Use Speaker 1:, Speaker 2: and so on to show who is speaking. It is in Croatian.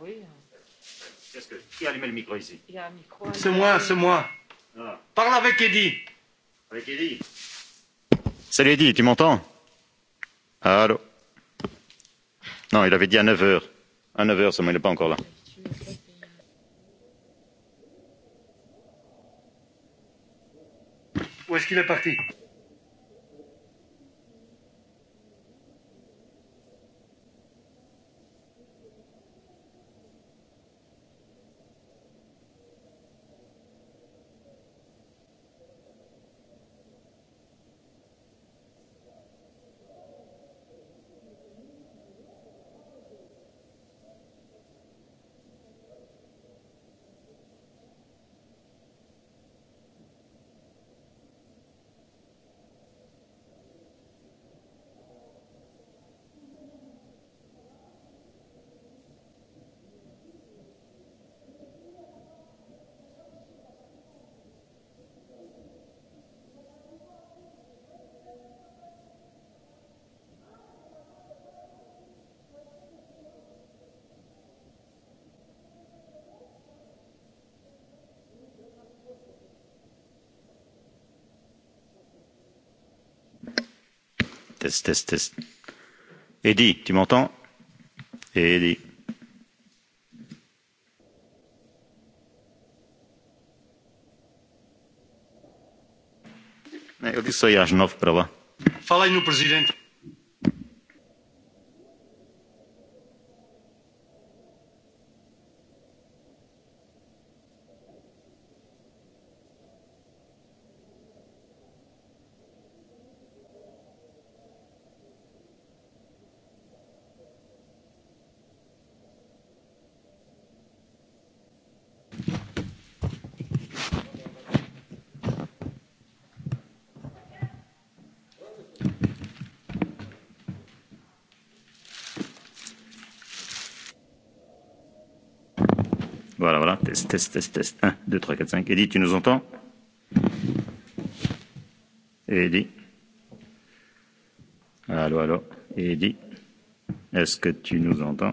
Speaker 1: oui. Qu'est-ce que... Qui a allumé le micro ici Il y a un micro. C'est moi, c'est moi. Ah. Parle avec Eddy. Avec Eddie. Salut Eddy, tu m'entends Allô Non, il avait dit à 9h. À 9h, ça il n'est pas encore là. Où est-ce qu'il est parti Test, test, test. Eddy, tu m'entends eh, Eddy. eu eh, disse aí às nove para lá. Fala aí no presidente. test, test, test, test. 1, 2, 3, 4, 5. Edi, tu nous entends Edi Allô, allô Edi Est-ce que tu nous entends